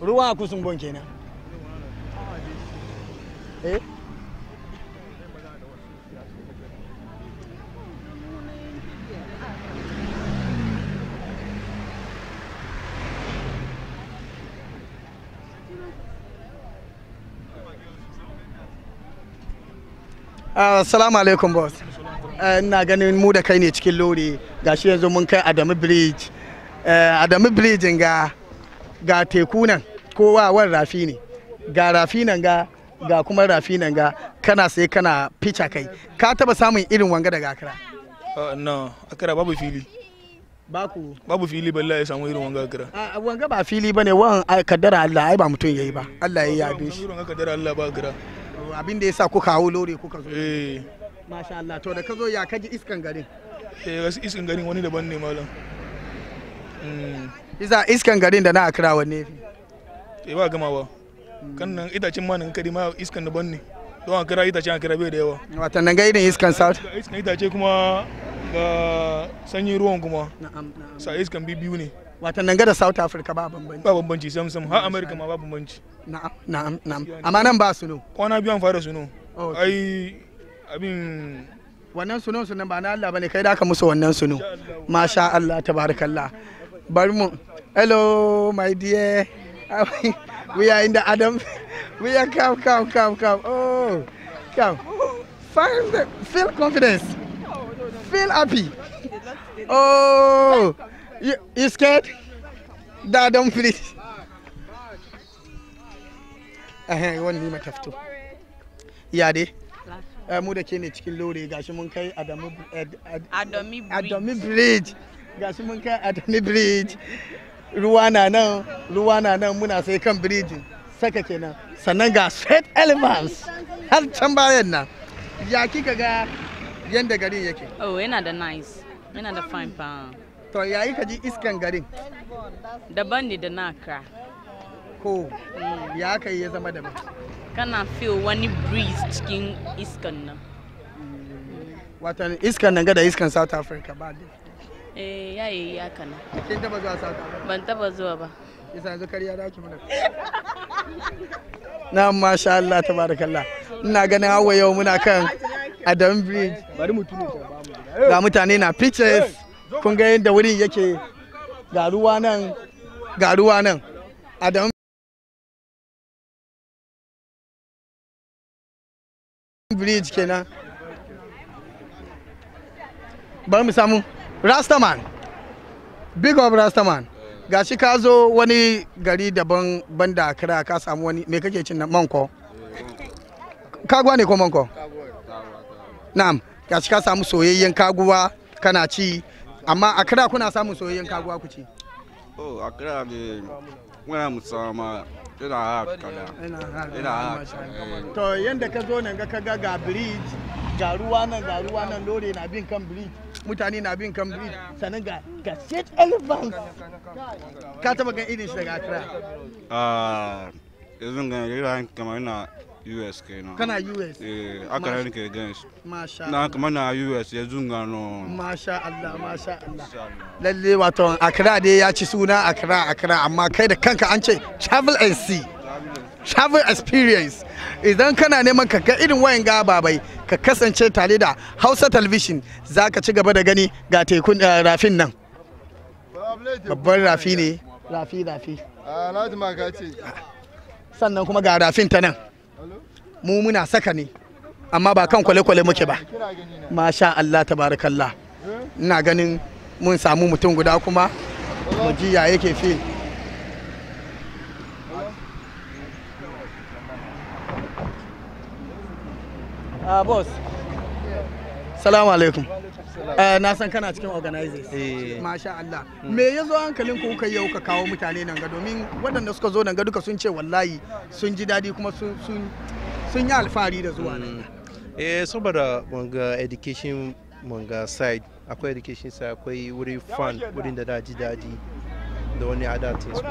ruwa a kusun bon kenan eh? Assalamu alaikum boss. Eh, ina ganin mu da kai ne cikin lori gashi yanzu mun kai Adamu Bridge. Eh, Adamu Bridge ga ga teku nan kowa wan rafi ne ga rafi nan ga ga kuma rafi nan ga kana sai kana fica kai ka taba samun irin wanga daga akara. Ah, no akra babu fili baku babu fili balla ya samu irin wanga akra a ah, wanga ba fili bane wan kaddara Allah ai ba mutum yayi ba Allah ya yabe shi irin wanga kaddara Allah ba akra abin da yasa kuka hawo lore kuka zo eh masha Allah to da ka zo ya kaji iskan garin eh iskan garin wani daban ne malam mm. isa iskan garin da na akira wanne fi eh ba ba kan nan itacin ma nan kari ma iskan da banne don akira itacen akira bai da yawa watan nan ga irin iskan south iskan itace kuma ga sanyi ruwan kuma sa iskan biyu ne watan nan ga da south africa ba bambanci ba bambanci sam sam har america ma ba bambanci na'am na'am na'am amma nan ba suno kwana biyu an fara suno ai abin wannan sunan sunan ba na Allah bane kai da ka musu wannan sunu masha Allah tabarakallah bari mu Hello, my dear. we are in the Adam. We are come, come, come, come. Oh, come. Find, feel confidence. Feel happy. Oh, you, you scared? That don't please. Eh, wani ni mata fito. Ya dai. Mu da ke ne cikin lore gashi mun kai Adamu Bridge. Adami Bridge. Gashi mun kai Adami Bridge. ruwa na nan ruwa na nan muna sai kan biriji saka kenan sannan ga straight elements har can bayan nan ya kika ga yadda garin yake oh yana da nice yana da fine fa to ya ka ji iskan garin daban ne da na ka ko mm. ya kai ya zama daban kana feel wani breeze cikin iskan nan watan iskan nan ga da iskan south africa ba eh ya yi ya kana kin ba yanzu kariya da ki na masha Allah ganin hawa yau muna kan Adam Bridge ga mutane na pictures kun ga yadda wurin yake ga ruwa nan ga ruwa nan Adam Bridge kenan bari mu samu rastaman big up rastaman gashi ka zo wani gari daban banda kira ka samu wani me kake cin nan manko kaguwa ne ko manko na'am gashi ka samu soyayyen kaguwa kana ci amma a kira kuna samun soyayyen kaguwa ku ci oh a kira ne muna musama ina haka ina haka to yanda ka zo nan ga kaga ga bridge ga ruwa nan ga ruwa nan lore na bin kan bridge mutane na bin kan bridge sanin ga ga state elephant ka taba gan irin shi daga Accra ah yanzu ga rira kamar na US kenan kana US eh aka ne ke gan shi masha Allah na kamar na US yanzu ga no masha Allah masha Allah lalle wato Accra dai ya ci suna Accra Accra amma kai da kanka an ce travel and see travel experience idan kana neman ka ga irin wayan ga babai ka kasance tare da hausa television za ka ci gaba da gani ga tekun eh, rafin nan babban rafi ne rafi rafi ah, sannan kuma ga rafin ta nan mu muna saka ne amma ba kan kwale-kwale muke ba masha Allah tabarakallah ina ganin mun samu mutum guda kuma mu ji ya yake fi Uh, boss. Salamu alaikum. Eh, na san kana cikin organizers. Eh. Masha Allah. Hmm. Me ya zo hankalin ku kuka yau ka kawo mutane nan ga domin waɗanda suka zo nan ga duka sun ce wallahi sun ji daɗi kuma sun yi alfahari da zuwa nan. Hmm. Eh saboda manga education manga side akwai education side akwai wuri fan wurin da daji daji. da wani dace su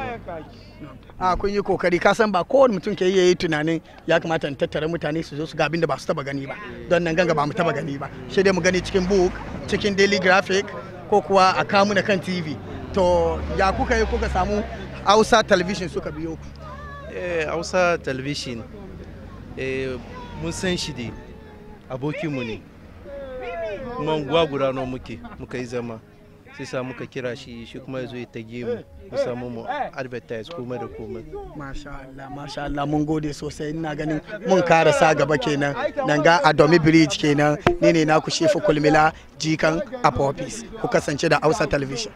a kun yi kokari ka san ba kowane mutum ke yi tunanin ya kamata in tattara mutane su zo su ga abin da ba su taba gani ba don nan ganga ba mu taba gani ba shi dai mu gani cikin book cikin daily graphic ko kuwa a kamu na kan tv to ya kuka yi kuka samu hausa television suka biyo ku eh, hausa television eh, mun san shi dai abokinmu ne mun guda nawa muke muka yi zama sai sa muka kira shi shi kuma zo ya tage mu mu samu mu advertise kuma da kuma masha Allah masha Allah mun gode sosai ina ganin mun karasa gaba kenan nan ga Adomi Bridge kenan ne ne ku shefu kulmila jikan a office ku kasance da Hausa Television